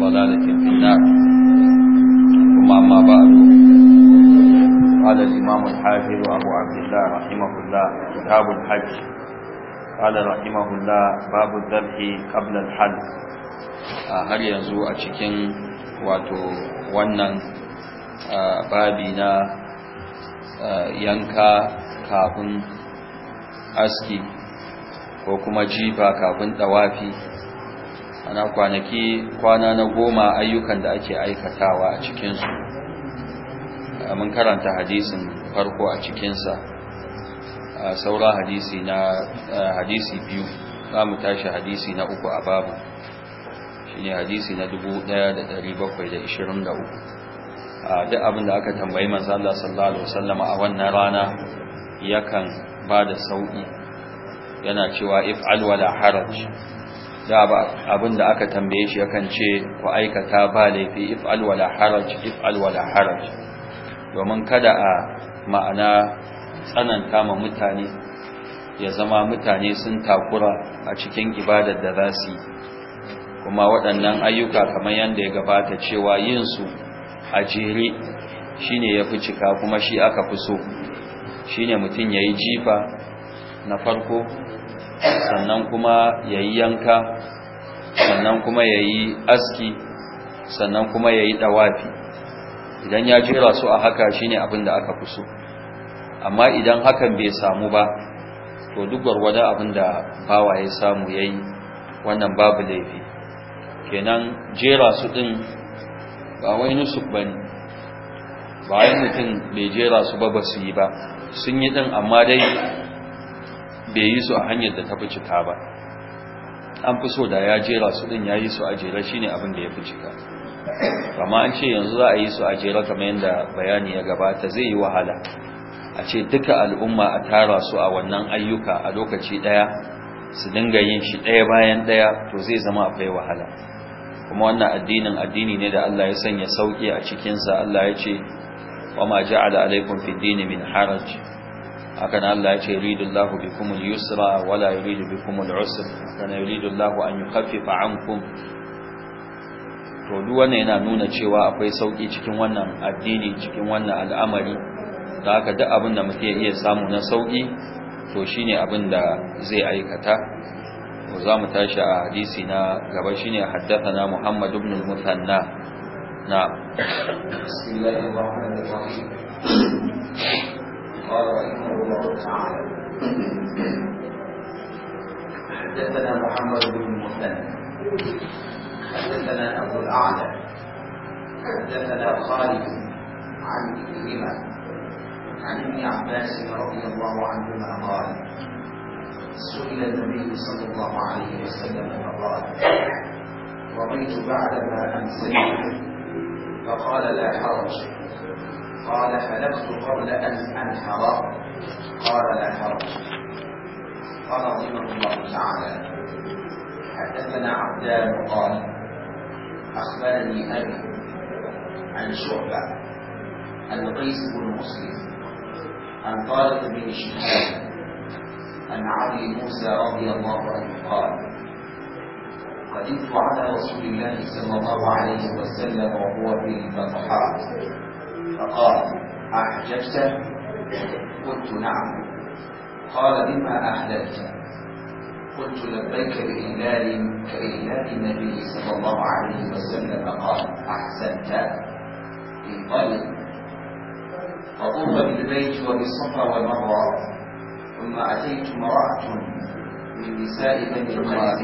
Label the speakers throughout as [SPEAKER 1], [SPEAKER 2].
[SPEAKER 1] ضلالة في النار ثم أما بعد قال الإمام الحافظ أبو عبد الله رحمه الله كتاب الحج قال رحمه الله باب الذبح قبل الحد هل يزوء cikin wato wannan babi na yanka kafin aski ko kuma jifa kafin dawafi ana kwanaki kwana na goma ayyukan da ake aikatawa a cikinsu mun karanta hadisin farko a cikinsa saura hadisi na hadisi biyu za mu tashi hadisi na uku a babu shi ne hadisi na 1723 duk abin da aka tambayi manzan Allah sallallahu Alaihi wasallama a wannan rana yakan ba da sauƙi yana cewa if alwala haraj za ba abin da aka tambaye shi yakan ce ku aikata ba laifi if'al wala haraj if'al wala haraj domin kada a ma'ana tsananta ma mutane ya zama mutane sun takura a cikin ibadar da za su yi kuma waɗannan ayyuka kamar yadda ya gabata cewa yin su a jere ne ya fi cika kuma shi aka fi so shi ne mutum ya yi jifa na farko sannan kuma ya yi yanka sannan kuma ya yi aski sannan kuma ya yi ɗawafi. idan ya jera su a haka shine abin da aka kusu amma idan hakan bai samu ba to duk gwargwada abin da bawa ya samu ya yi, wannan babu laifi kenan jera su ɗin, ba wai nusuk ne ba wai mutum bai jera su ba ba su yi ba sun yi ɗin amma dai bai yi su a hanyar da ta fi cika ba an fi so da ya jera su din ya yi su a jera shine abin da ya fi cika kama an ce yanzu za a yi su a jera kamar yadda bayani ya gabata zai yi wahala a ce duka al'umma a tara su a wannan ayyuka a lokaci ɗaya su dinga yin shi ɗaya bayan ɗaya to zai zama a akwai wahala kuma wannan addinin addini ne da Allah ya sanya sauki a cikinsa Allah ya ce wa ma ja'ala alaikum fid dini min haraj Hakan Allah ya ce yuridullahu bikum al-yusra wa la yuridu bikum al-usra kana yuridullahu an yukhaffifa ankum to duk wannan yana nuna cewa akwai sauki cikin wannan addini cikin wannan al'amari da haka duk abin da muke iya samu na sauki to shine abin da zai aikata za mu tashi a hadisi na gaba shine haddathana Muhammad ibn al-Muthanna na
[SPEAKER 2] bismillahir rahmanir rahim قال رحمه الله تعالى حدثنا محمد بن مسلم حدثنا ابو الاعلى حدثنا خالد عن كلمه عن ابن عباس رضي الله عنهما قال سئل النبي صلى الله عليه وسلم فقال رضيت بعد ما امسيت فقال لا حرج قال حلفت قبل أن أنحر قال لا حرج قال رحمه الله تعالى حدثنا عبدان قال أخبرني أبي عن شعبة عن قيس بن مسلم عن طارق بن شهاب عن علي موسى رضي الله عنه قال قدمت على رسول الله صلى الله عليه وسلم وهو في الفتحات فقال أحجبت قلت نعم قال بما أحجبت قلت لبيك بإهلال كإهلال النبي صلى الله عليه وسلم قال أحسنت انطلق فطوف بالبيت وبالصفا والمروة ثم أتيت امرأة من نساء بني قيس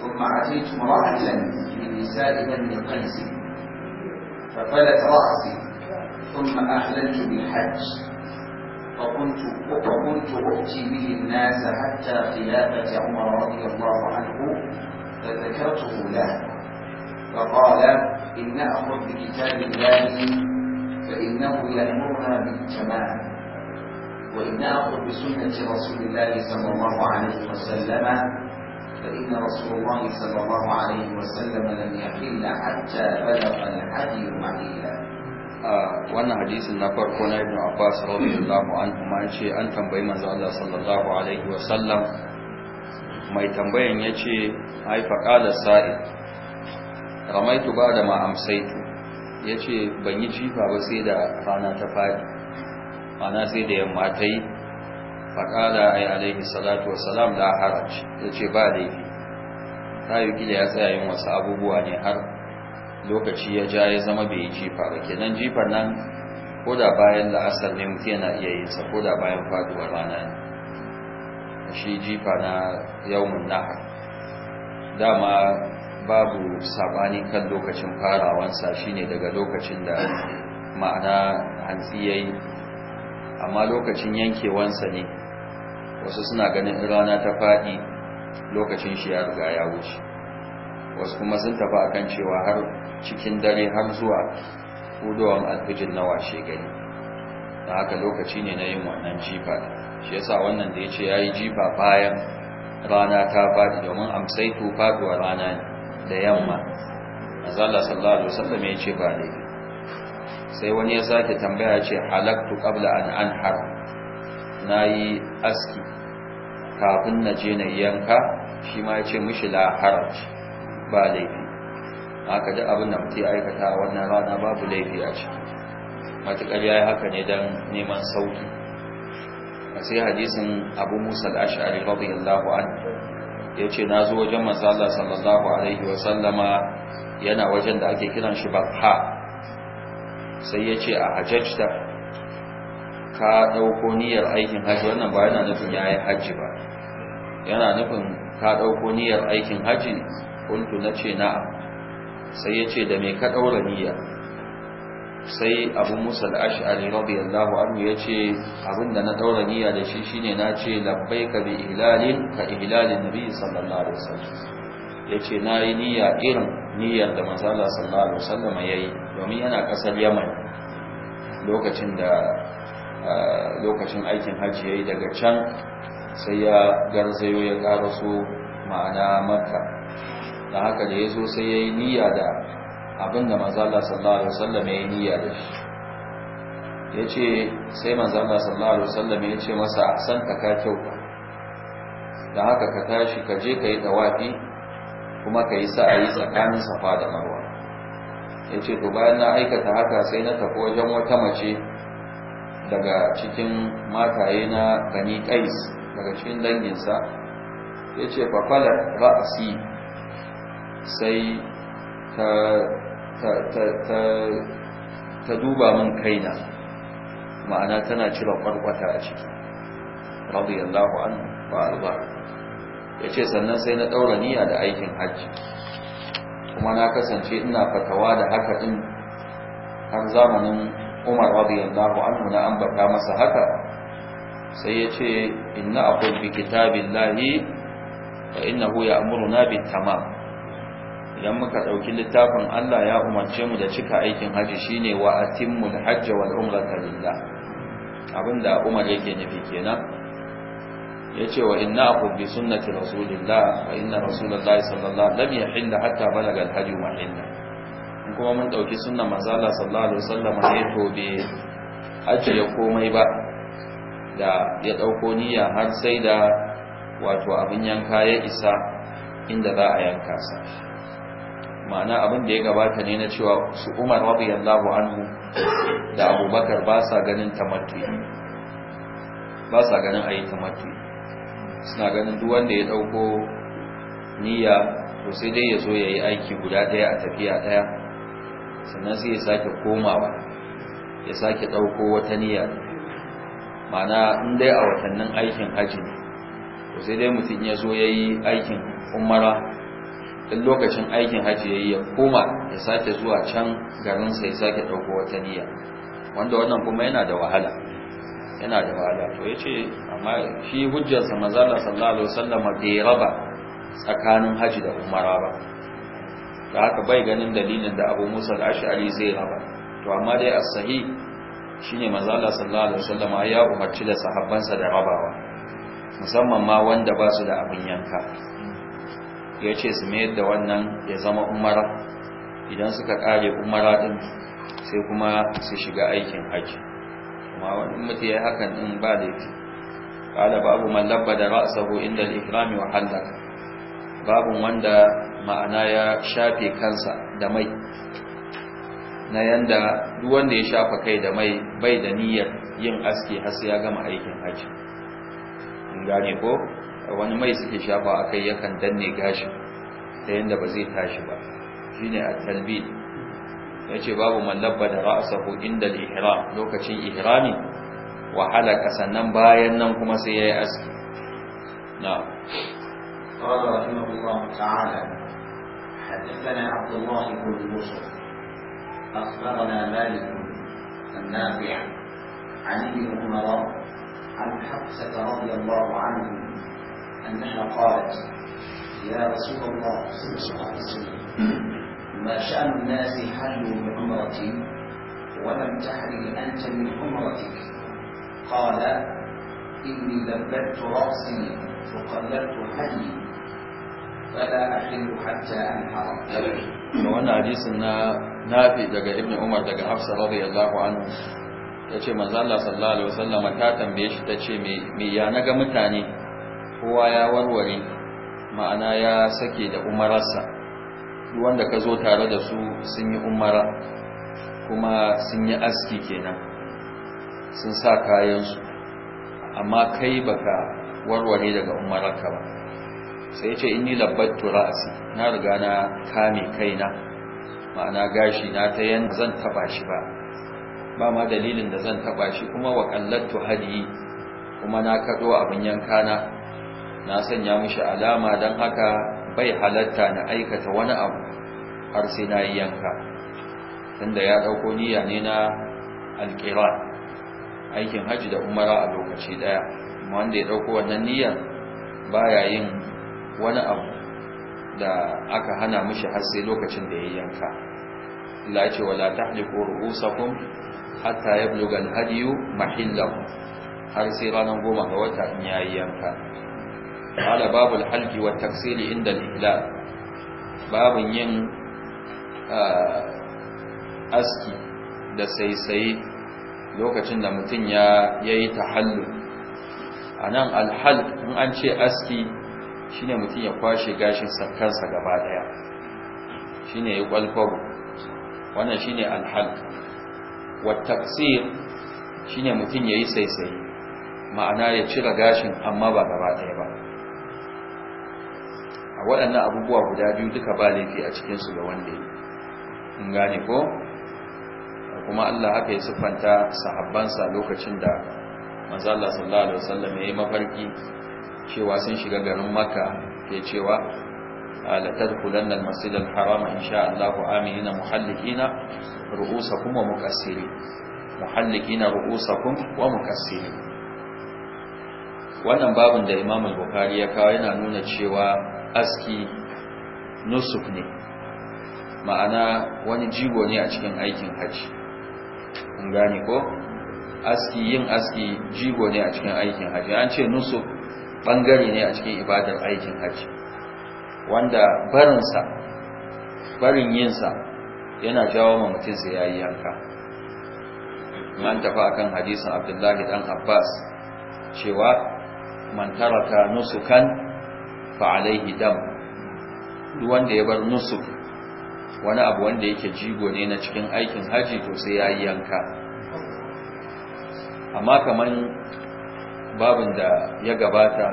[SPEAKER 2] ثم أتيت امرأة من نساء بني قيس ففلت رأسي ثم أهلت بالحج فكنت وكنت أؤتي به الناس حتى خلافة عمر رضي الله عنه فذكرته له فقال إن نأخذ بكتاب الله فإنه يأمرنا بالتمام وإن نأخذ بسنة رسول الله صلى الله عليه وسلم فإن رسول الله صلى الله عليه وسلم لم يحل حتى بلغ الحديث معيا
[SPEAKER 1] wannan hadisin na farko na ibn abbas radiyallahu anhu ma yace an tambayi manzo Allah sallallahu alaihi wa sallam mai tambayan yace ai faqala sa'i ramaitu ba'da ma amsaitu yace ban yi jifa ba sai da rana ta fadi ana sai da yamma ta yi faqala ai alaihi salatu wa salam la haraj yace ba laifi ta yi kila ya tsaya yin wasu abubuwa ne har lokaci ya ja ya zama bai yi jifa ba kenan jifar nan ko da bayan la'asar ne mutu yana iya yin sa ko da bayan faduwar rana ne shi jifa na yawmin nahar dama babu sabani kan lokacin farawansa shine daga lokacin da ma'ana hantsi yi, amma lokacin yankewansa ne wasu suna ganin rana ta faɗi lokacin shi ya riga ya wuce wasu kuma sun tafi akan cewa har cikin dare har zuwa hudowan alfijin na washe gari da haka lokaci ne na yin wannan jifa shi yasa wannan da ya ce ya yi jifa bayan rana ta faɗi domin amsaitu faɗuwa rana da yamma azalla sallallahu alaihi wasallam ya ce ba dai. sai wani ya sake tambaya ce halaktu qabla an anhar nayi aski kafin na je na yanka shi ma ya ce mishi la ba laifi haka duk abin da mutum aikata wannan rana babu laifi a ciki matuƙar ya yi haka ne don neman sauki a sai hadisin abu musa al'ashari radiyallahu an ya ce na zo wajen matsala sallallahu alaihi wasallama yana wajen da ake kiran shi ha. sai ya ce a hajjajta ka ɗauko niyyar aikin hajji wannan ba yana nufin ya yi hajji ba yana nufin ka ɗauko niyyar aikin hajji kuntu na ce na sai ya ce da mai ka ɗaura niyya sai abu musa da al'ash'ari radiyallahu anhu ya ce abinda na ɗaura niyya da shi shine na ce labbai ka bi ihlalin ka ihlalin nabi sallallahu alaihi wasallam ya ce na yi niyya irin niyyar da manzala sallallahu alaihi wasallam ya yi domin yana ƙasar yaman lokacin da lokacin aikin hajji ya yi daga can sai ya garzayo ya ƙara su ma'ana makka da haka da ya zo sai ya yi niyya da abin da manzala sallallahu alaihi wasallam ya yi niyya da shi ya ce sai manzala sallallahu alaihi wasallam ya ce masa san ka ka kyau. da haka ka tashi ka je ka yi wafi, kuma ka yi sa'ayi tsakanin safa da marwa ya ce to bayan na aikata haka sai na tafi wajen wata mace daga cikin mataye na gani kais daga cikin danginsa ya ce fafalar ra'asi sai ta ta ta ta ta duba min kaina ma'ana tana cire kwarkwata a ciki radiyallahu anhu wa arda yace sannan sai na daura niyya da aikin hajji kuma na kasance ina fatawa da haka din har zamanin Umar radiyallahu anhu na ambata masa haka sai ya ce inna aqul bi kitabillahi fa innahu ya'muruna bit tamam idan muka ɗauki littafin Allah ya umarce mu da cika aikin haji shine wa atimmul hajja wal umrata lillah abinda Umar yake nufi kenan yace wa inna aqum bi sunnati rasulillah wa inna rasulullahi sallallahu lam yahilla hatta balaga al hajju mahinna? in kuma mun dauki sunnar manzo Allah sallallahu alaihi wasallam ne eh to bi haji ya komai ba da ya dauko niyya har sai da wato abin yanka ya isa inda za a yanka sa ma'ana abin da ya gabata ne na cewa su umar radiyallahu anhu da abubakar ba sa ganin tamattu'i ba sa ganin ayi tamattu'i suna ganin duk wanda ya dauko niyya to sai dai ya zo ya yi aiki guda daya a tafiya daya sannan sai ya sake komawa ya sake dauko wata niyya ma'ana in dai a watannin aikin hajji to sai dai mutum ya zo ya yi aikin umara Duk lokacin aikin hajji yayi ya koma ya sake zuwa can garin sai sake dauko wata niyya wanda wannan kuma yana da wahala yana da wahala to yace amma shi hujjar sa manzo Allah sallallahu alaihi wasallam bai raba tsakanin haji da umara ba da haka bai ganin dalilin da Abu Musa al-Ash'ari zai raba to amma dai as sahi shine manzo Allah sallallahu alaihi wasallam ya umarci da sahabbansa da rabawa musamman ma wanda ba su da abin yanka ya ce su mayar da wannan ya zama umara idan suka kare umara din sai kuma su shiga aikin haji kuma wani mutu ya hakan din ba yake kala babu mallaba da ra'asahu inda al wa babu wanda ma'ana ya shafe kansa da mai na yanda duk wanda ya shafa kai da mai bai da niyyar yin aski har sai ya gama aikin haji in gane ko wani mai suke shafa a kai yakan danne gashi ta yanda ba zai tashi ba shi ne a talbi ya ce babu mallabba da ra'asahu inda ihram lokacin ihrami halaka sannan bayan nan kuma sai ya yi aski na
[SPEAKER 2] قال رحمه الله تعالى حدثنا عبد الله بن يوسف اخبرنا مالك النافع عن ابن عمر عن حفصه رضي الله عنه أنها قالت يا رسول الله صلى الله عليه وسلم ما شأن الناس حلوا بعمرتي ولم تحرم أنت من عمرتك قال إني لبدت رأسي وقلبت حلي فلا أحل حتى أنحر
[SPEAKER 1] wannan hadisin na nafi daga ibn umar daga hafsa radiyallahu anhu yace manzo Allah sallallahu alaihi wasallam ta tambaye shi tace me me ya naga mutane kowa ya warware ma'ana ya sake da umararsa wanda ka zo tare da su sun yi umara kuma sun yi aski kenan sun sa kayansu amma kai baka warware daga umararka ba sai ce ni labbattu turasi. na riga na kame kaina ma'ana gashi na ta yin zan taba shi ba ba ma dalilin da zan taba shi kuma wa qallattu hadi kuma na kaɗo abin yanka na na sanya mishi alama don haka bai halatta na aikata wani abu har sai na yi yanka tunda ya ɗauko niyya ne na alƙirar aikin hajji da umara a lokaci ɗaya wanda ya ɗauko wannan niyyar baya yin wani abu da aka hana mishi har sai lokacin da ya yanka Allah ya ce wala tahliqu ru'usakum hatta yabluga al-hadiyu mahillahu har sai ranar goma ga wata in yayi yanka قال باب الحلق والتكسير عند الإهلال باب ين aski da saisaye lokacin da mutum ya yi tahallu a nan alhal in an ce aski shine mutum ya kwashe gashin kansa gaba daya shine ya kwalfago wannan shine mutum ya saisaye ma'ana ya cire gashin amma ba gaba daya ba A waɗannan abubuwa guda biyu duka ba laifi a cikinsu ga wanda ya in gane ko kuma Allah haka ya siffanta sahabbansa lokacin da manzo Allah sallallahu alaihi wasallam yayi mafarki cewa sun shiga garin Makka ke cewa la tadkhulanna al-masjid al-haram sha Allah aminina muhallikina ru'usakum wa muqassirin muhallikina ru'usakum wa muqassirin wannan babin da Imam bukhari ya kawo yana nuna cewa aski nusuf ne ma'ana wani jigo ne a cikin aikin haji in gani ko aski yin aski jigo ne a cikin aikin haji an ce nusuf bangare ne a cikin ibadar aikin haji wanda barinsa barin yinsa yana jawo ma mutum sai yayi yanka man tafi akan hadisin abdullahi dan abbas cewa man taraka nusukan fa alaihi dam duk wanda ya bar nusuk wani abu wanda yake jigo ne na cikin aikin haji to sai ya yi yanka amma kaman babin da ya gabata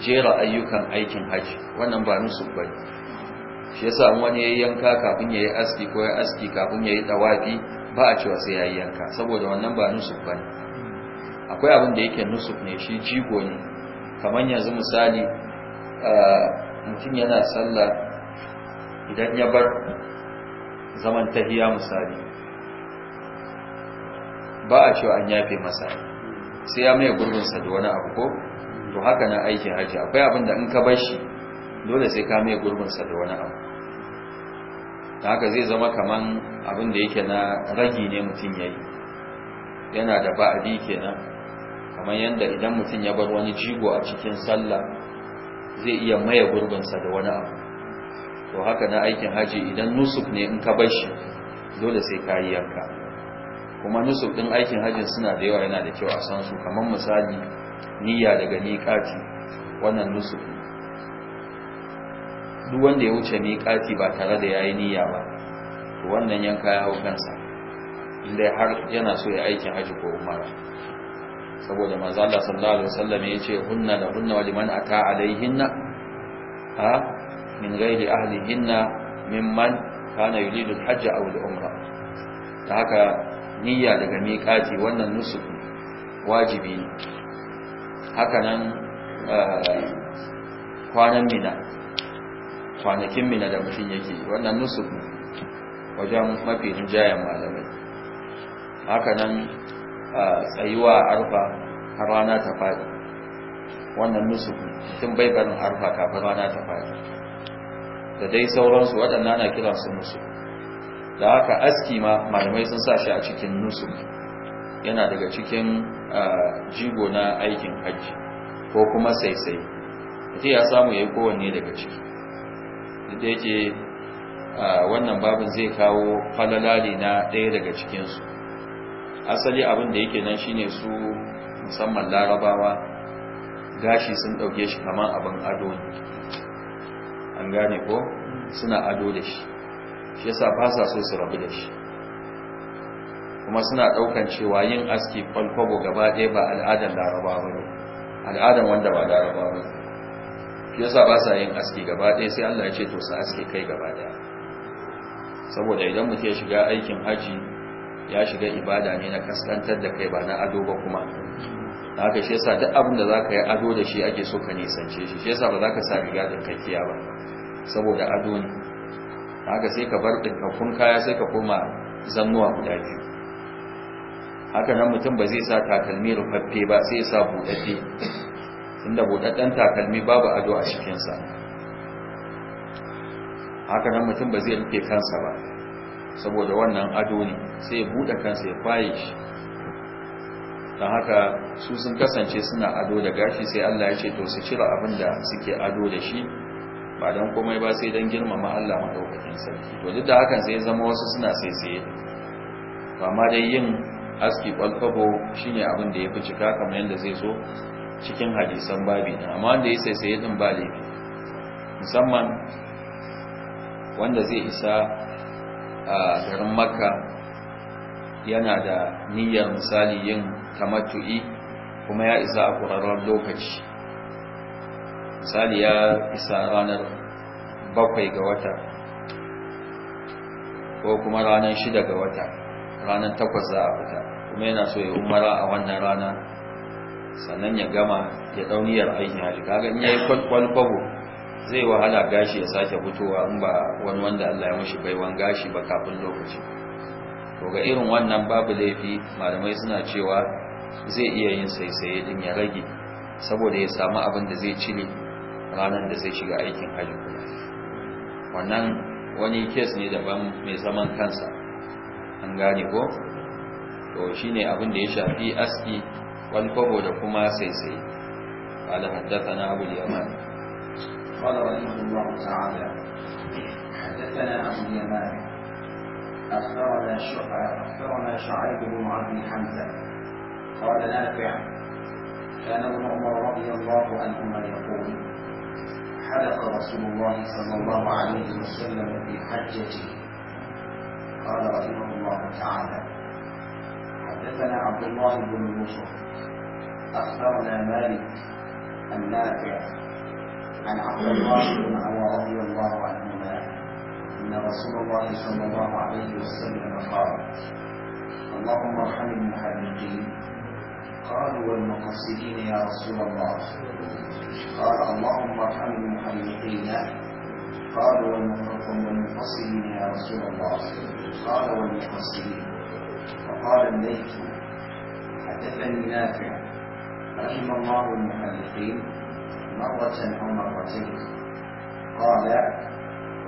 [SPEAKER 1] jera ayyukan aikin haji wannan ba nusuk bane shi yasa wani ya yanka kafin ya yi aski ko ya aski kafin ya yi tawafi ba a cewa sai ya yi yanka saboda wannan ba nusuk bane akwai abin da yake nusuk ne shi jigo ne kamar yanzu misali mutum yana sallah idan ya bar zaman tahiya misali ba a cewa an yafe masa sai ya maye gurbinsa da wani abu ko to haka na aiki haji akwai abinda da in ka bar shi dole sai ka maye gurbinsa da wani abu ta haka zai zama kaman abin da yake na ragi ne mutum ya yi yana da ba'adi kenan kamar yadda idan mutum ya bar wani jigo a cikin sallah zai iya maye gurbinsa da wani abu to haka na aikin haji idan nusuf ne in ka bar shi dole sai ka yi yanka kuma nusuf ɗin aikin hajin suna da yawa yana da kyau a san su kamar misali niyya daga miƙati wannan nusuf ne duk wanda ya wuce miƙati ba tare da yayi niyya ba to wannan yanka ya hau kansa inda har yana so ya aikin haji ko umara saboda manzo Allah sallallahu alaihi wasallam yace hunna da hunna wa liman ata alaihinna ha min ghairi hinna mimman kana yuridu alhajj aw alumra ta haka niyya daga miqati wannan nusuk wajibi ne haka nan eh, kwanan mina kwanakin mina da mutum yake wannan nusuk wajen mafi rinjayen malamai haka nan tsayuwa a arfa har rana ta faɗi wannan nusufi tun bai barin arfa kafin rana ta faɗi da dai sauransu waɗanda na kira su da haka aski ma malamai sun sa shi a cikin nusufi yana daga cikin jigo na aikin hajji ko kuma saisai ita ya samu ya yi kowanne daga ciki da yake wannan babin zai kawo falalali na ɗaya daga cikinsu asali abin da yake nan shine su musamman larabawa gashi sun ɗauke shi kamar abin ado ne an gane ko suna ado da shi shi yasa ba sa so su rabu da shi kuma suna ɗaukan cewa yin aski kwalkwabo gaba ɗaya ba al'adar larabawa ne al'adar wanda ba larabawa ne shi yasa ba sa yin aski gaba ɗaya sai allah ya ce to su aske kai gaba ɗaya saboda idan mutum ya shiga aikin haji ya shiga ibada ne na kaskantar da kai ba na ado ba kuma da haka shi yasa duk abin da za ka yi ado da shi ake so ka nisance shi shi yasa ba za ka sa riga da kakkiya ba saboda ado ne da haka sai ka bar ɗinkakkun kaya sai ka koma zannuwa guda biyu haka nan mutum ba zai sa takalmi rufaffe ba sai ya sa buɗaɗɗe tunda buɗaɗɗen takalmi babu ado a cikinsa haka nan mutum ba zai rufe kansa ba saboda wannan ado ne sai ya buɗe kansa ya faye shi don haka su sun kasance suna ado da gashi sai Allah ya ce to su cire abin da suke ado da shi ba don komai ba sai don girmama Allah maɗaukakin sarki to duk da hakan sai zama wasu suna sai tsaye amma dai yin aski kwalkwabo shine abin da ya fi cika kamar yadda zai zo cikin hadisan babi na amma wanda ya sai din ba laifi musamman wanda zai isa a garin makka yana da niyyar misali yin tamattu'i kuma ya isa a ƙwararren lokaci misali ya isa ranar bakwai ga wata ko kuma ranar shida ga wata ranar takwas za a fita kuma yana so ya umara a wannan rana sannan ya gama ya dauniyar aikin hajji kaga in yayi kwalkwabo zai wahala gashi ya sake fitowa in ba wani wanda Allah ya mishi baiwan gashi ba kafin lokaci to ga irin wannan babu laifi malamai suna cewa zai iya yin saisaye din ya rage saboda ya samu abin da zai cire ranar da zai shiga aikin hajji kuma wannan wani kes ne daban mai zaman kansa an gane ko to shine abin da ya shafi aski wani kwabo da kuma saisaye قال حدثنا أبو اليمان
[SPEAKER 2] قال رحمه الله تعالى حدثنا أبو اليمان أخبرنا أخبرنا شعيب بن عبد حمزة قال نافع كان ابن عمر رضي الله عنهما يقول حلق رسول الله صلى الله عليه وسلم في حجته قال رحمه الله تعالى حدثنا عبد الله بن يوسف أخبرنا مالك النافع عن عبد الله بن عمر رضي الله عنهما أن رسول الله صلى الله عليه وسلم قال اللهم ارحم المحلقين قالوا والمقصرين يا رسول الله قال اللهم ارحم المحلقين قالوا والمنفصلين يا رسول الله قال والمقصرين فقال الليث حدثني نافع رحم الله المحلقين مرة أو مرتين قال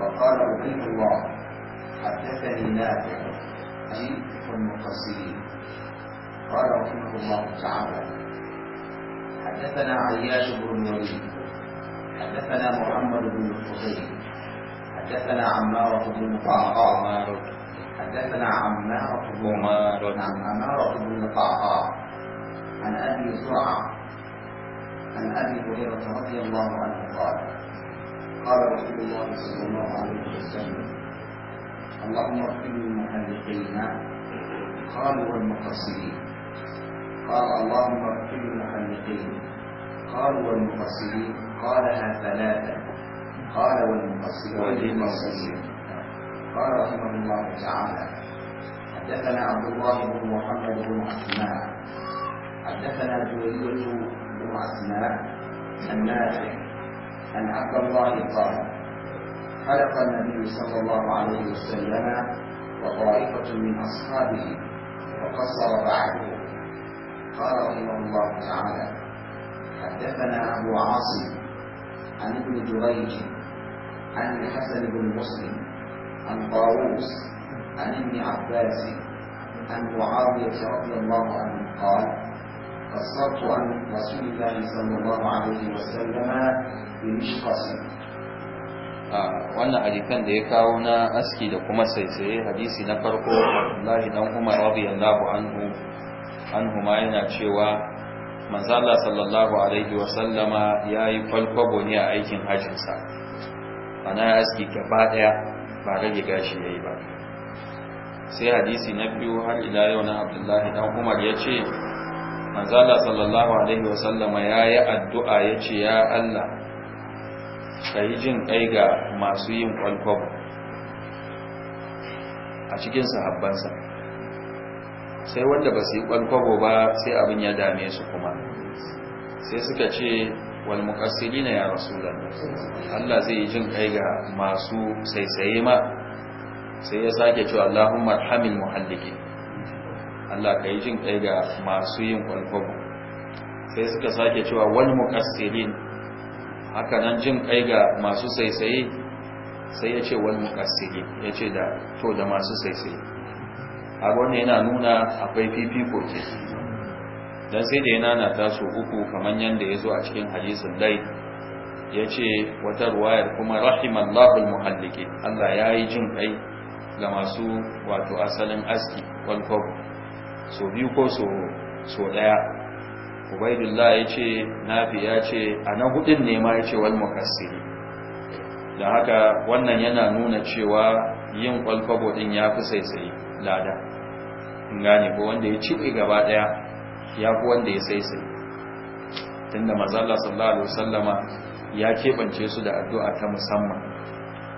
[SPEAKER 2] وقال عبيد الله حدثني نافع جيء المقصرين قال رحمه الله تعالى حدثنا عياش بن الوليد حدثنا محمد بن الحسين حدثنا عمارة بن قعقاع حدثنا عمارة بن عمارة بن قعقاع عن أبي زرعة عن ابي هريره رضي الله عنه قال قال رسول الله صلى الله عليه وسلم اللهم اغفر للمحلقين قالوا والمقصرين قال اللهم اغفر للمحلقين قالوا والمقصرين قالها ثلاثه قال والمقصرين قال رحمه الله تعالى حدثنا عبد الله بن محمد بن عثمان حدثنا جويرية وأسماء عن نافع عبد الله قال خلق النبي صلى الله عليه وسلم وطائفة من أصحابه وقصر بعده قال رحمه الله تعالى حدثنا أبو عاصم عن ابن جريج عن الحسن بن مسلم عن طاووس عن ابن عباس عن معاوية رضي الله عنه قال والصرف عن رسول الله صلى الله عليه وسلم بمشقص
[SPEAKER 1] wannan hadisan da ya kawo na aski da kuma saisaye hadisi na farko Abdullahi dan Umar radiyallahu anhu anhu ma yana cewa manzo Allah sallallahu alaihi wa sallama yayi falkwabo ne a aikin hajjin sa ana aski gaba daya ba rage gashi yayi ba sai hadisi na biyu har ila yau na Abdullahi dan Umar yace manzala sallallahu alaihi sallama ya yi addu'a ya ce ya Allah ka yi jin kai ga masu yin kwalkwabo a cikin sahabbansa sai wanda ba su yi kwalkwabo ba sai abin ya dame su kuma sai suka ce wal na ya rasulullah Allah zai yi jin kai ga masu saisaye ma sai ya sake cewa Allahumma marhamin muhallikin Allah ka yi jin ƙai ga masu yin kwalfago sai suka sake cewa wani muqassirin haka nan jin ƙai ga masu saisaye sai ya ce wal muqassirin ya ce da to da masu saisaye a wanda yana nuna akwai fifiko ke don sai da yana na taso uku kamar yadda ya zo a cikin hadisin dai ce wata ruwayar kuma lafin muhalliki, Allah ya yi jin ƙai ga masu wato asalin aski wal so biyu ko so ɗaya ubaidullah ya ce nafi ya ce a na hudun ne ma ya ce wal mukassiri da haka wannan yana nuna cewa yin kwalfabo din ya fi saisayi lada gane ko wanda ya ci gaba ɗaya ya fi wanda ya saisayi tunda mazalla sallallahu alaihi wasallama ya keɓance su da addu'a ta musamman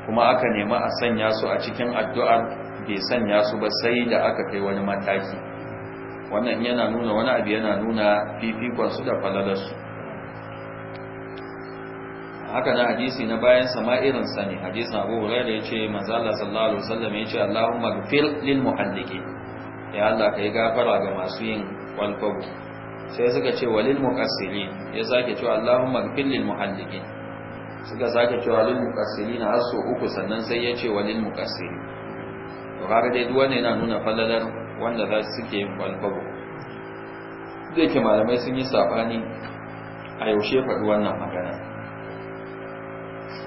[SPEAKER 1] kuma aka nema a sanya su a cikin addu'ar bai sanya su ba sai da aka kai wani mataki wannan yana nuna wani abu yana nuna fifikonsu da falalarsu haka na hadisi na bayan sama irin sani hadisi abu hurairah ce, manzo Allah sallallahu alaihi wasallam ce Allahumma ghfir lil muhalliqin ya Allah kai gafara ga masu yin kwalfabu sai suka ce walil muqassiri ya sake cewa Allahumma ghfir lil muhalliqin suka sake cewa lil na har so uku sannan sai ce walil muqassiri to kaga dai duk wannan yana nuna falalar wanda za su suke yin babu zai ke malamai sun yi saɓani a yaushe faɗi wannan magana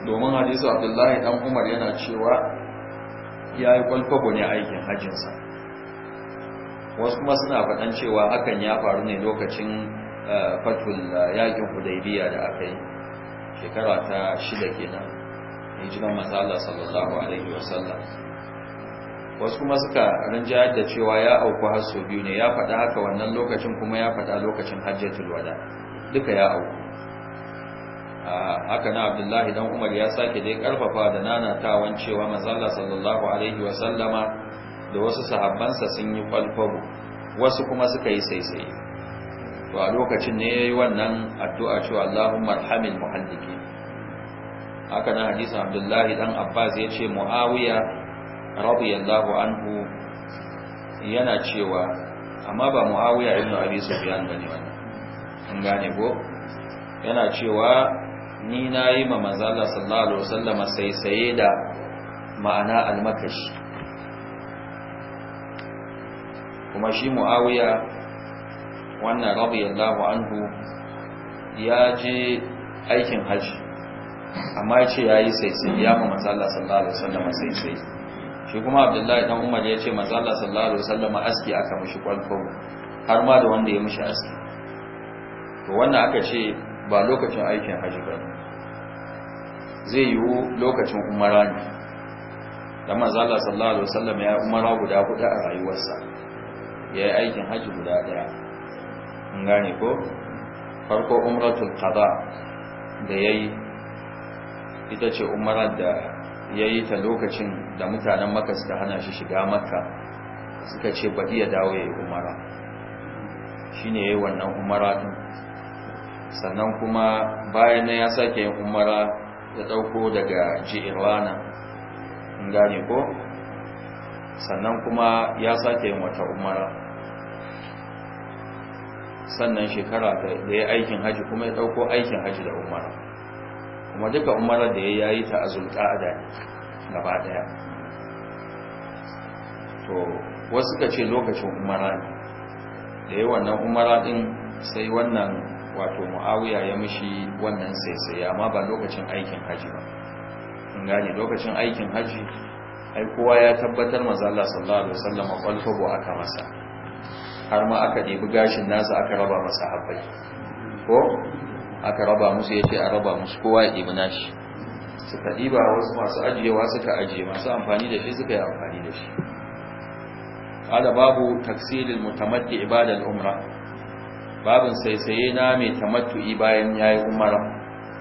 [SPEAKER 1] domin hadisu abdullahi dan umar yana cewa ya yi kwalfago ne aikin hajjinsa wasu kuma suna faɗan cewa hakan ya faru ne lokacin eh, fatul eh, yakin hudaybiya da aka yi shekara ta shida kenan hijiran manzo Allah sallallahu alaihi wasallam wasu kuma suka rinjayar da cewa ya auku har sau biyu ne ya faɗa haka wannan lokacin kuma ya faɗa lokacin hajjatul wada duka ya auku haka na abdullahi dan umar ya sake dai karfafa da nanatawan cewa mazalla sallallahu alaihi wa sallama da wasu sahabbansa sun yi kwalfabu wasu kuma suka yi saisaye to a lokacin ne yayi wannan addu'a cewa Allahumma arhamil muhaddiqin haka na hadisin abdullahi dan abbas ya ce muawiya radiyallahu anhu yana cewa amma ba muawiya ibn abi sufyan bane wannan an gane go? yana cewa ni nayi ma manzo Allah sallallahu alaihi wasallam sai saye da ma'ana almakashi kuma shi muawiya wannan radiyallahu anhu ya je aikin haji amma ya ce ya yi saisai ya ma manzo Allah sallallahu alaihi wasallam saisai shi kuma abdullahi dan umar ya ce manzo Allah sallallahu alaihi wasallam aski aka mishi kwalfo har ma da wanda ya mishi aski to wannan aka ce ba lokacin aikin haji ba zai yiwu lokacin umara ne da manzo Allah sallallahu alaihi wasallam ya umara guda hudu a rayuwarsa ya yi aikin haji guda daya in gane ko farko umratul qada da yayi ita ce umarar da ya yi ta lokacin da mutanen maka suka hana shi shiga maka suka ce baɗi ya dawo ya yi umara shi ne ya yi wannan umara ɗin sannan kuma bayan ya sake yin umara ya ɗauko daga jirwana in gane ko sannan kuma ya sake yin wata umara sannan shekara da ya aikin haji kuma ya ɗauko aikin hajji da umara kuma duka umarar da ya yayi ta a dani gaba ɗaya to wasu ka ce lokacin umara ne da yi wannan umara ɗin sai wannan wato mu'awiya ya mishi wannan sai amma ba lokacin aikin hajji ba in gani lokacin aikin haji ai kowa ya tabbatar maza Allah sallallahu alaihi wasallam kwalfabo aka masa har ma aka ɗebi gashin nasa aka raba masa haɓai ko aka raba musu yace a raba musu kowa ya ɗibi nashi suka ɗiba wasu masu ajiyewa suka ajiye masu amfani da shi suka yi amfani da shi ala babu tafsilil mutamaddi ibadal umra babin saisaye na mai tamattu'i bayan yayi umara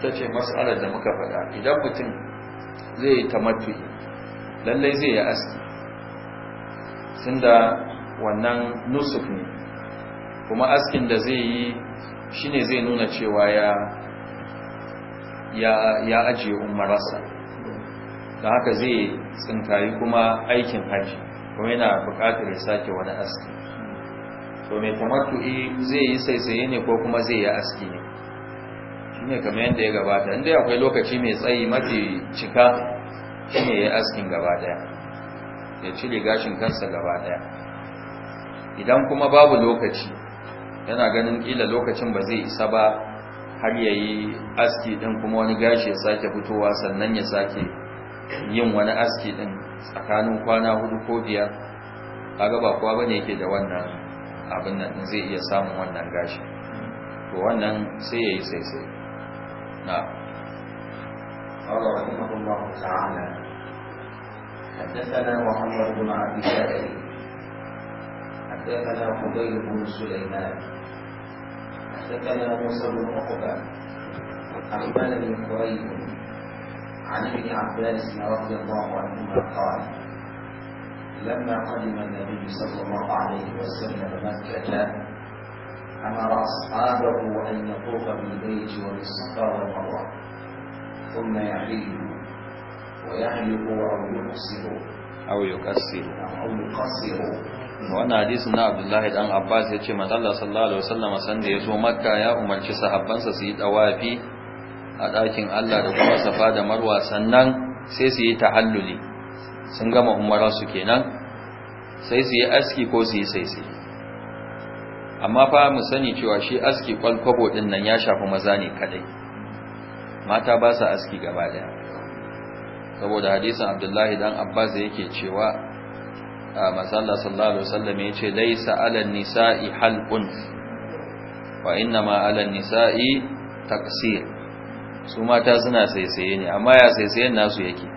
[SPEAKER 1] ce mas'alar da muka faɗa idan mutum zai yi tamattu'i lallai zai yi aski tunda wannan nusuf ne kuma askin da zai yi shine zai nuna cewa ya ya ajiye umararsa da haka zai tsinkayi kuma aikin hajji kuma yana bukatar ya sake wani aski to mai tamattu'i zai yi saisaye ne ko kuma zai yi aski ne shi ne kamar yadda ya gabata inda akwai lokaci mai tsayi mafi cika shi ne ya askin gaba daya ya cire gashin kansa gaba idan kuma babu lokaci yana ganin kila lokacin ba zai isa ba har ya yi aski ɗin kuma wani gashi ya sake fitowa sannan ya sake yin wani aski ɗin tsakanin kwana hudu ko biyar kaga ba kowa bane yake da wannan abin nan zai iya samun wannan gashi to wannan sai ya yi sai sai na
[SPEAKER 2] حدثنا محمد بن عبد الله حدثنا حبيب بن سليمان حدثنا موسى بن عقبة عن بن كريم عن ابن عباس رضي الله عنهما قال لما قدم النبي صلى الله عليه وسلم مكة أمر أصحابه أن يطوف بالبيت وبالصفا والمروة ثم يحل ويحلق أو يقصر
[SPEAKER 1] أو يكسر أو يقصر wannan hadisin na abdullahi dan abbas ya ce allah sallallahu alaihi wasallam sanda ya zo makka ya umarci sahabbansa su yi tawafi a ɗakin allah da kuma safa da marwa sannan sai su yi tahalluli sun gama suke kenan sai su yi aski ko su yi sai amma fa mu sani cewa shi aski kwalkwabo din nan ya shafi maza ne kadai mata ba su aski gaba daya saboda hadisin abdullahi dan abbas yake cewa manzo Allah sallallahu alaihi wasallam ce laysa alal nisa'i halqun wa innama alal nisa'i taqsir su mata suna saisaye ne amma ya saisayen nasu yake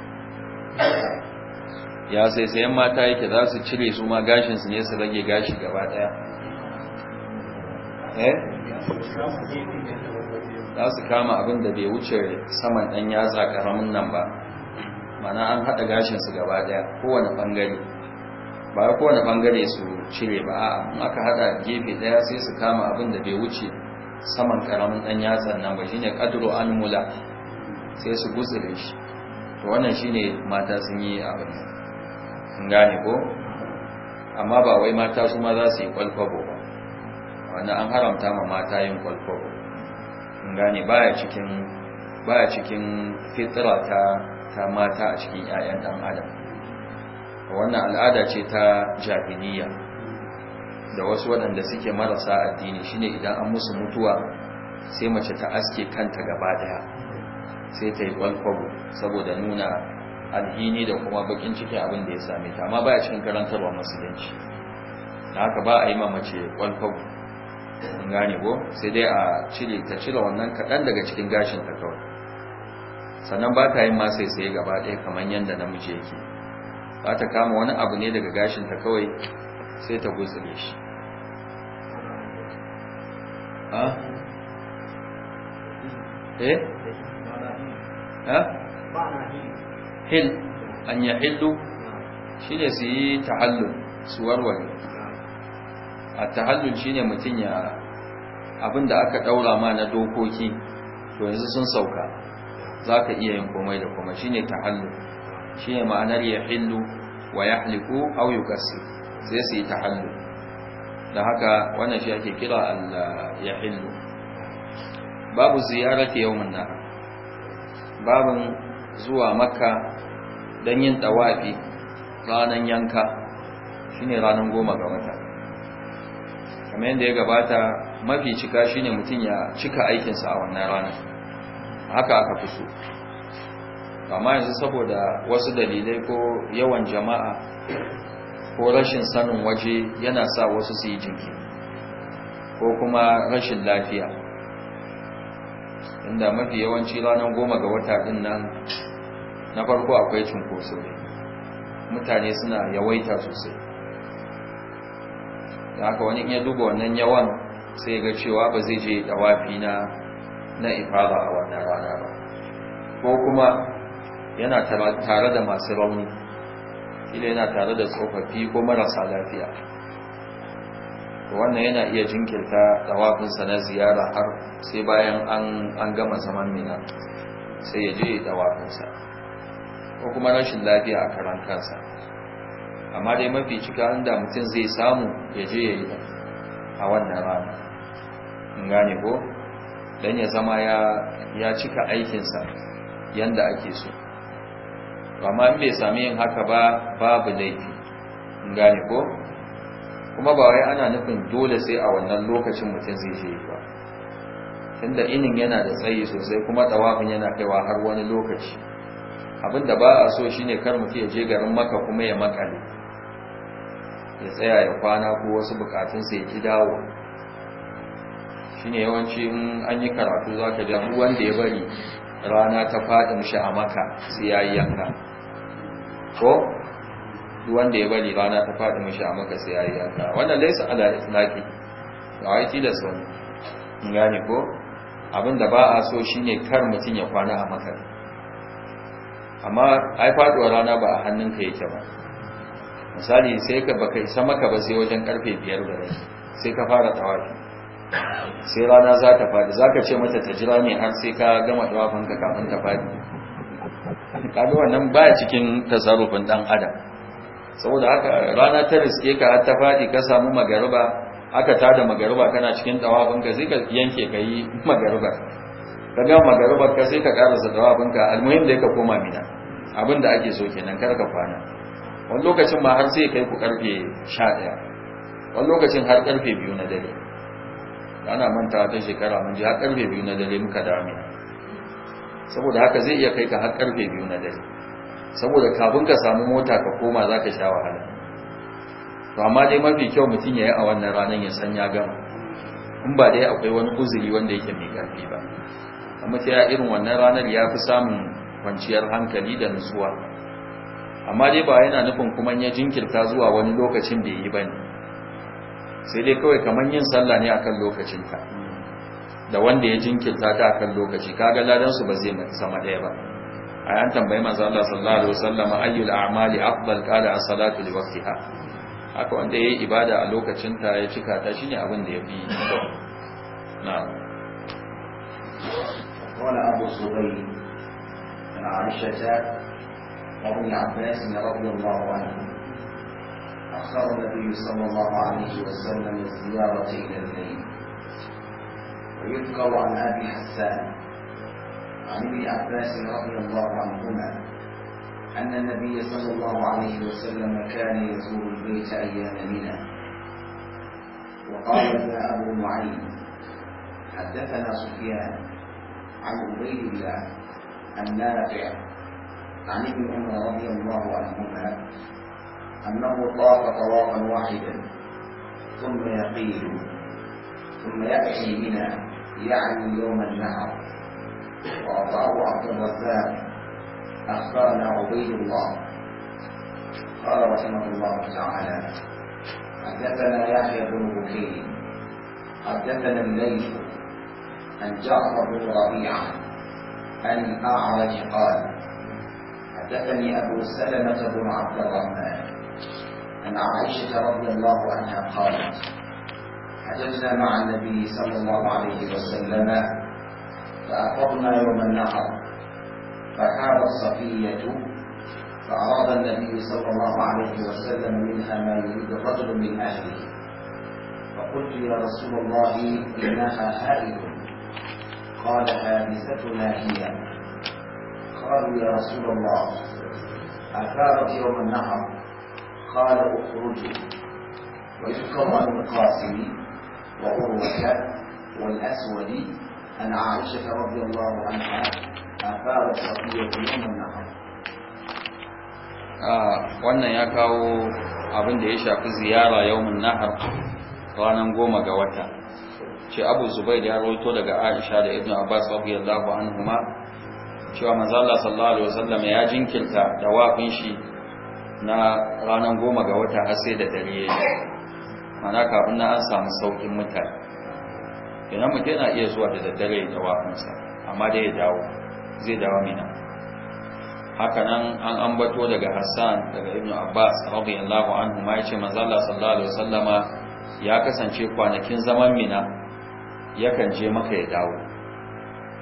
[SPEAKER 1] ya saisayen mata yake za su cire su ma gashin su ne su rage gashi gaba daya eh za su kama abin da bai wuce saman dan yatsa karamin nan ba mana an hada gashin su gaba daya kowane bangare ba kowane bangare su cire ba in aka hada gefe daya sai su kama abin da bai wuce saman karamin dan yatsan nan ba shine qadru an mula sai su gutsure shi to wannan shi ne mata sun yi abin sun gane ko amma ba wai mata su ma za su yi kwalkwabo ba wanda an haramta ma mata yin kwalkwabo sun gane baya cikin baya cikin fitra ta ta mata a cikin 'ya'yan dan adam wannan al'ada ce ta jahiliya da wasu waɗanda suke marasa addini shine idan an musu mutuwa sai mace ta aske kanta gaba daya sai ta yi kwalkwabo saboda nuna alhini da kuma bakin cikin abin da ya same ta amma baya cikin karantarwa musulunci da haka ba a yi ma mace kwalkwabo in gane ko sai dai a cire ta cire wannan kaɗan daga cikin gashin ta kawai sannan ba ta yin ma sai sai gaba ɗaya kamar yadda namiji yake za ta kama wani abu ne daga gashinta kawai sai ta gutsire shi ha? eh? ha? hil an ya hillu shi ne su yi tahallul su warware a tahallul shi ne mutum ya abinda aka ɗaura ma na dokoki to yanzu sun sauka za ka iya yin komai da komai shi ne tahallul ne ma'anar ya hindu wa yahliku aw sai su yi ta hannu. da haka wannan shi ake kira ya hindu. babu ziyarar yau nahar babu zuwa makka don yin tawafi ranar yanka shine ranar goma ga wata kamar yadda ya gabata mafi cika shi ne mutum ya cika aikinsa a wannan ranar haka aka fi so amma yanzu saboda wasu dalilai ko yawan jama'a ko rashin sanin waje yana sa wasu su yi jinkiri ko kuma rashin lafiya inda mafi yawanci ranar goma ga wata ɗin nan na farko akwai cunkoso mutane suna yawaita sosai da haka wani iya duba wannan yawan sai ga cewa ba zai je dawafi na na ifada a wannan rana ba ko kuma yana tare da masu rauni kila yana tare da tsofaffi ko marasa lafiya wannan yana iya jinkirta dawafinsa na ziyara har sai bayan an gama zaman mina sai ya je dawafinsa ko kuma rashin lafiya a karan kansa amma dai mafi cika inda mutum zai samu ya je ya yi a wannan rana in gane ko don ya zama ya cika aikinsa yanda ake so amma in bai sami yin haka ba babu laifi in gane ko kuma ba wai ana nufin dole sai a wannan lokacin mutum zai je ba tunda inin yana da tsayi sosai kuma tsawafin yana kaiwa har wani lokaci abinda ba a so shine kar mutum ya je garin maka kuma ya makale ya tsaya ya kwana ko wasu bukatunsa ya ki dawo shine yawanci in an yi karatu za ka ji wanda ya bari rana ta faɗin shi a maka sai ya yi yanka ko wanda ya bari rana ta faɗi mashi a maka sai yayi yanka wannan laysa ala islaki Da aiki da wani in gane ko abinda ba a so shine kar mutun ya kwana a maka amma ai faɗuwa rana ba a hannunka yake ba misali sai ka baka isa maka ba sai wajen karfe 5 da rai sai ka fara tawafi sai rana za ta faɗi za ka ce mata ta jira ne har sai ka gama tawafinka kafin ta faɗi kaga wannan baya cikin tasarrufin dan adam saboda haka rana ta riske ka har ta fadi ka samu magariba aka tada magariba kana cikin dawabin ka sai ka yanke ka yi magariba ka ga ka sai ka karasa dawabin ka almuhim da ka koma mina abin da ake so kenan kar ka kwana wani lokacin ma har sai kai ku karfe 11 wani lokacin har karfe 2 na dare ana manta ta shekara mun ji har karfe 2 na dare muka dawo mina saboda haka zai iya kai ka har karfe biyu na dare saboda kafin ka samu mota ka koma za ka sha wahala to amma dai mafi kyau mutum ya yi a wannan ranar ya san gama in ba dai akwai wani uzuri wanda yake mai karfi ba amma ta irin wannan ranar ya fi samun kwanciyar hankali da nutsuwa amma dai ba yana nufin kuma ya jinkirta zuwa wani lokacin da ya yi ba ne sai dai kawai kamar yin sallah ne akan lokacinka da wanda ya jinkirta ta kan lokaci kaga ladan su ba zai sama daya ba ai an tambayi manzo Allah sallallahu alaihi wasallam ayyul a'mali afdal qala as-salatu li waqtiha haka wanda yayi ibada a lokacin ta ya cika ta shine abin da yafi na'am
[SPEAKER 2] قال أبو صهيب عن عائشة وابن عباس رضي الله عنه أخر النبي صلى الله عليه وسلم الزيارة إلى الليل ويذكر عن أبي حسان عن ابن عباس رضي الله عنهما أن النبي صلى الله عليه وسلم كان يزور البيت أيام منى وقال لنا أبو معين حدثنا سفيان عن عبيد الله النافع عن ابن عمر رضي الله عنهما أنه طاف طوافا واحدا ثم يقيل ثم يأتي منى يعني يوم النهر وأعطاه عبد الرزاق أخبرنا عبيد الله قال رحمه الله تعالى حدثنا يحيى بن بكير حدثنا الليث عن جعفر بن ربيعة عن أعرج قال حدثني أبو سلمة بن عبد الرحمن عن عائشة رضي الله عنها قالت حججنا مع النبي صلى الله عليه وسلم فأقرنا يوم النحر فحارت صفية فأراد النبي صلى الله عليه وسلم منها ما يريد رجل من أهله فقلت يا رسول الله إنها حائل قال حادثتنا هي قالوا يا رسول الله أثارت يوم النحر قال اخرجوا ويذكر عن القاسم وأروك والأسود أن عائشة رضي الله عنها أثارت صفية يوم النحر
[SPEAKER 1] wannan ya kawo abin da ya shafi ziyara yawmin nahar ranar goma ga wata ce abu zubai da ya roto daga aisha da ibn abbas zafi an kuma cewa mazala sallallahu alaihi wasallam ya jinkirta wafin shi na ranar goma ga wata ase da dariye mana kafin na an samu saukin mutane idan mutum yana iya zuwa da daddare ya dawafinsa amma dai ya dawo zai dawo mina hakanan an ambato daga hassan daga ibn abbas radiyallahu anhu ma yace manzo Allah sallallahu alaihi wasallama ya kasance kwanakin zaman mina yakan je maka ya dawo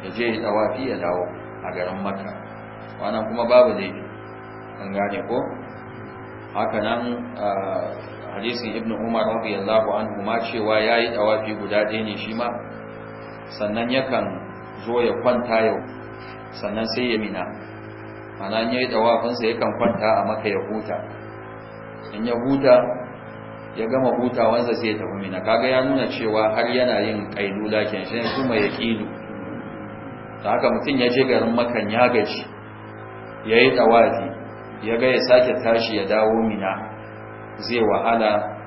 [SPEAKER 1] ya je ya fi ya dawo a garin maka wannan kuma babu dai an gane ko hakanan ah, hadisin ibn umar radiyallahu anhu ma cewa yayi dawafi guda ɗaya ne shi ma sannan yakan zo ya kwanta yau sannan sai ya mina ana yayi dawafin sa yakan kwanta a maka ya huta in ya huta ya gama hutawansa sai ya tafi mina kaga ya nuna cewa har yana yin kailula kenan shi kuma ya kilu da haka mutum ya je garin makan ya gaji ya yi ɗawafi ya ga ya sake tashi ya dawo mina zai wahala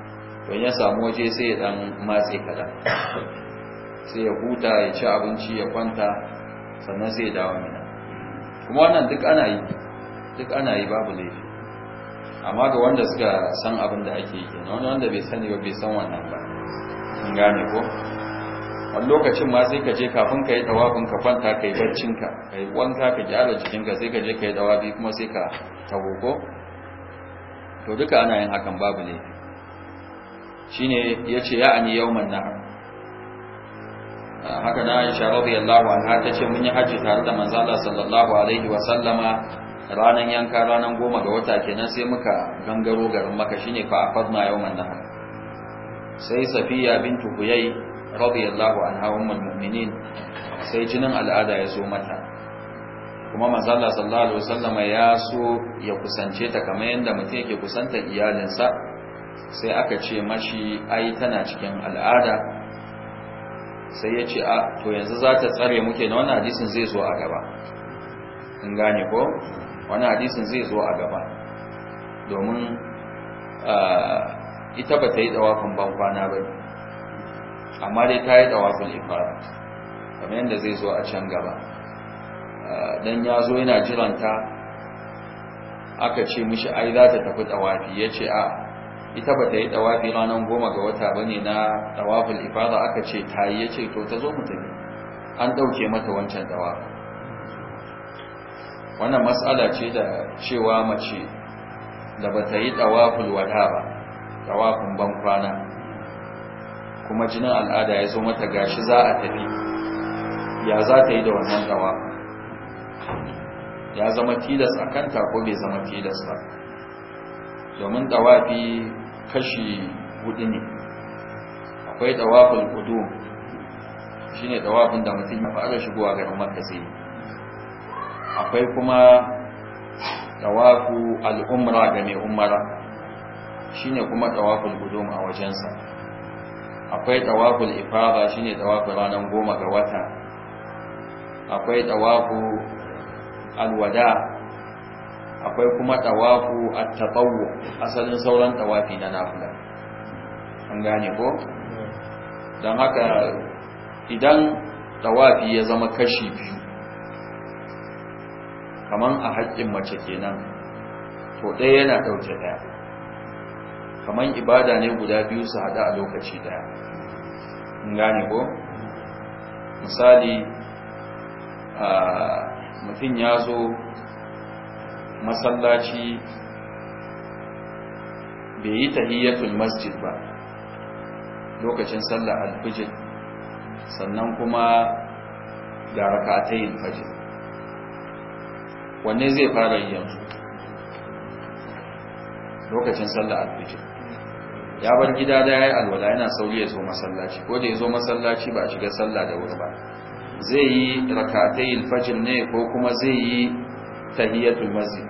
[SPEAKER 1] don ya samu waje sai ya dan matse kada sai ya huta ya ci abinci ya kwanta sannan sai ya dawo mina kuma wannan duk ana yi duk ana yi babu laifi amma ga wanda suka san abin da ake yi na wani wanda bai sani ba bai san wannan ba kin gane ko wani lokacin ma sai ka je kafin ka yi tawafin ka kwanta ka yi barcinka, ka yi wanka ka gyara jikinka sai ka je ka yi tawafi kuma sai ka taho ko to duka ana yin hakan babu ne shine yace ya'ani yawman nahar ah, haka na Aisha radiyallahu anha tace mun yi haji tare da manzo Allah sallallahu alaihi wa sallama ranan yanka ranan goma ga wata kenan sai muka gangaro garin Makka shine fa afadna yawman nahar sai Safiya bintu Huyay radiyallahu anha ummul mu'minin sai jinin al'ada ya zo mata kuma mazalla sallallahu alaihi wasallama ya so ya kusance ta kamar yadda mutum yake kusantar iyalinsa sai aka ce mashi ai tana cikin al'ada sai ya ce a to yanzu za ta tsare muke na wani hadisin zai zo a gaba in gane ko wani hadisin zai zo a gaba domin ita ba ta yi dawafin ban kwana ba amma dai ta yi dawafin ifara kamar yadda zai zo a can gaba dan ya zo yana jiranta aka ce mishi ai za ta tafi tawafi ya ce a ita ba ta yi tawafi ranar goma ga wata ba ne na tawafin ifada aka ce ta yi ya ce to ta zo mutane an ɗauke mata wancan tawafi wannan matsala ce da cewa mace da ba ta yi tawafin wada ba tawafin ban kwana kuma jinin al'ada ya zo mata gashi za a tafi ya za ta yi da wannan tawafin ya zama tilas a kanta ko bai zama tilas ba domin dawafi kashi hudu ne akwai dawafin hudu shi ne dawafin da mutum ya fara shigowa garin makasai akwai kuma dawafu al'umra ga mai umara shi ne kuma dawafin hudu a wajensa akwai dawafin ifada shi ne dawafin ranar goma ga wata akwai dawafu alwada akwai kuma tawafu at-tatawwu asalin sauran tawafi na nafila an gane ko don haka idan tawafi ya zama kashi biyu kaman a haƙƙin mace kenan to ɗaya yana ɗauke ɗaya kaman ibada ne guda biyu su haɗu a lokaci ɗaya in gane ko misali ah, mutum ya zo masallaci bai yi tahiyyatul masjid ba lokacin sallar alfijir sannan kuma ga rakatayin fajir wanne zai fara yanzu lokacin sallar alfijir ya bar gida da ya yi alwala yana sauri ya zo masallaci ko da ya zo masallaci ba a shiga sallah da wuri ba zai yi rakatai fajin ne ko kuma zai yi tahiyatul masjid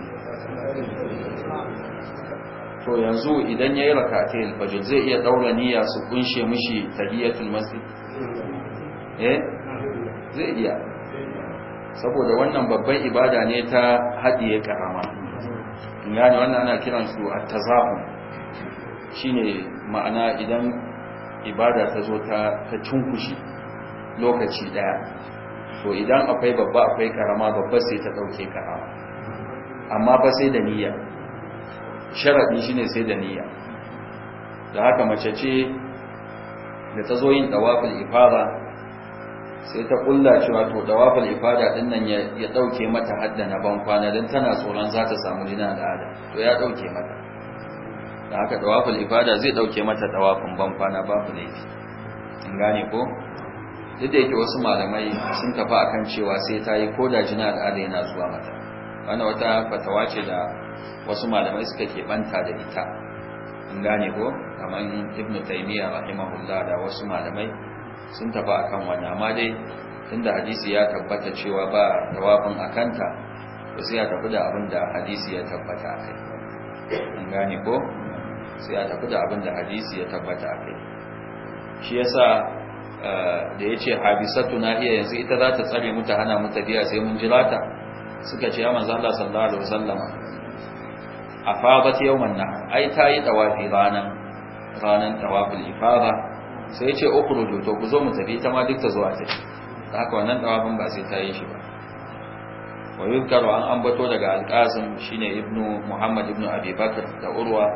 [SPEAKER 1] to yanzu idan yayi rakatai fajin zai iya daura niyya su kunshe mishi tahiyatul masjid eh zai iya saboda wannan babban ibada ne ta hadiye karama yana wannan ana kiran su at-tazahum shine ma'ana idan ibada ta zo ta ta lokaci daya to idan akwai babba akwai karama babba sai ta dauke karama amma ba sai da niyya sharadi shine sai da niyya da haka mace ce da ta zo yin dawaful ifada sai ta kulla cewa to dawaful ifada din nan ya dauke mata hadda na ban kwana dan tana tsoron za ta samu jina da ada to ya dauke mata da haka dawaful ifada zai dauke mata dawafin ban kwana babu laifi in gane ko duk da yake wasu malamai sun tafi akan cewa sai ta yi ko da jini al'ada yana zuwa mata wani wata fatawa ce da wasu malamai suka keɓanta da ita in gane ko kamar ibn taymiya rahimahullah da wasu malamai sun tafi akan wannan amma dai tunda hadisi ya tabbata cewa ba tawafin akanta to sai ya tafi da abin da hadisi ya tabbata akai in gane ko sai ya tafi da abin da hadisi ya tabbata akai shi yasa da ya ce Habisatu na iya yanzu ita za ta tsare mu ta hana mu tafiya sai mun jira ta suka ce ya manzo Allah sallallahu alaihi wasallam afabat yawman na ai ta yi tawafi ranan ranan tawaful ifada sai ya ce ukhruju to ku zo mu tafi ta ma duk ta zuwa ta haka wannan tawafin ba sai ta yi shi ba wa yuzkaru an ambato daga alqasim shine ibnu muhammad ibnu abi bakr da urwa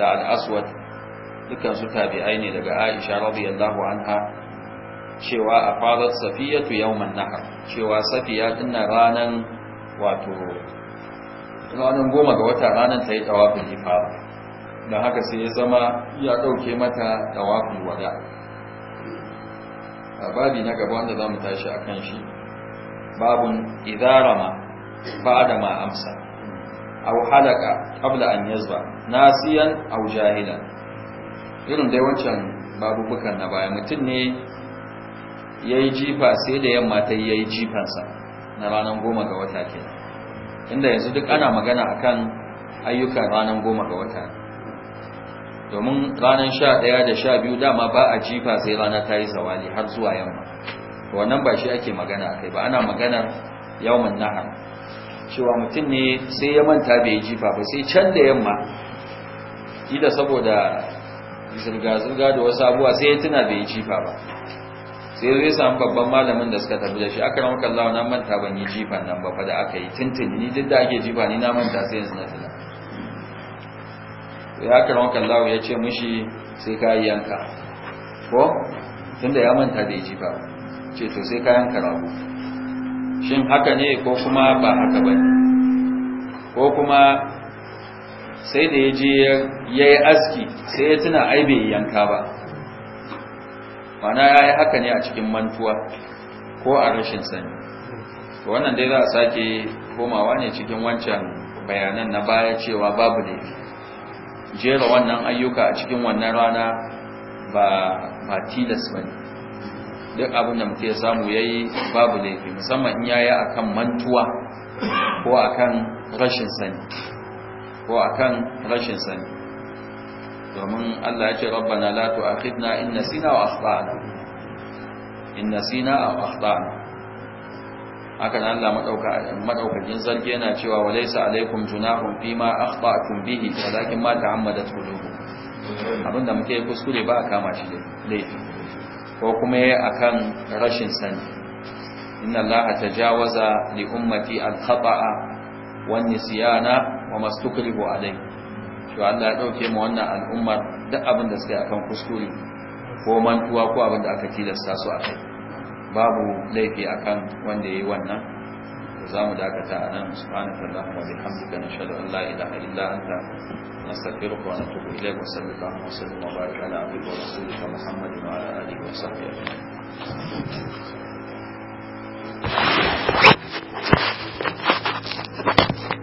[SPEAKER 1] da al-aswad dukkan su tabi'ai ne daga aisha radiyallahu anha cewa a farar safiyatu yawman nahar cewa safiya na ranan wato ranan goma ga wata ranan ta yi tawafin ifada don haka sai ya zama ya ɗauke mata tawafin wada a babi na gaba wanda za mu tashi a kan shi babun idarama ba da ma amsa au halaka kabla an yazba nasiyan au jahilan irin dai wancan bukan na baya mutum ne ya yi jifa sai da yamma ta yi ya yi jifansa na ranar goma ga wata ke inda yanzu duk ana magana a kan ayyukan ranar goma ga wata domin ranar sha daya da sha biyu dama ba a jifa sai rana ta yi zawali har zuwa yamma wannan ba shi ake magana akai ba ana maganar yawon nahar cewa mutum ne sai ya manta bai jifa ba sai can da yamma ida saboda zirga-zirga da wasu abuwa sai ya tuna bai jifa ba sai zai samu babban malamin da suka tafi da shi aka ramuka Allah na manta ban yi jifan nan ba fa da aka yi tintin ni duk da ake jifa ni na manta sai yanzu na tuna sai aka ramuka Allah ya ce mishi sai ka yi yanka ko tunda ya manta da yi jifa ce to sai ka yanka rago shin haka ne ko kuma ba haka ba ko kuma sai da ya je ya yi aski sai ya tuna ai bai yanka ba mana ya yi haka ne a cikin mantuwa ko a rashin sani wannan dai za a sake komawa ne cikin wancan bayanan na baya cewa babu ne jera wannan ayyuka a cikin wannan rana ba ba tilas ba ne duk abin da mutu ya samu ya yi babu laifi musamman in ya yi a kan mantuwa ko a kan rashin sani domin Allah ya ce rabbana la tu'akhidna in nasina wa akhtana in nasina aw akhtana haka nan Allah madauka madaukakin zargi yana cewa walaysa alaikum junahun fima akhta'tum bihi walakin ma ta'ammadat qulubukum abinda muke kuskure ba a kama shi dai. ko kuma yayi akan rashin sani inna allaha tajawaza li ummati al-khata'a wan nisyana wa mastukrihu alayhi to Allah ya dauke mu wannan al'ummar duk abin da suka yi akan kuskure ko mantuwa ko abin da aka tilasta su a kai babu laifi akan wanda yayi wannan zamu dakata anan subhanallahi wa bihamdika nashhadu an la ilaha illa anta nastaghfiruka wa natubu ilayk wa sallallahu wa sallam wa baraka ala abdika wa rasulika muhammadin wa ala alihi wa sahbihi ajma'in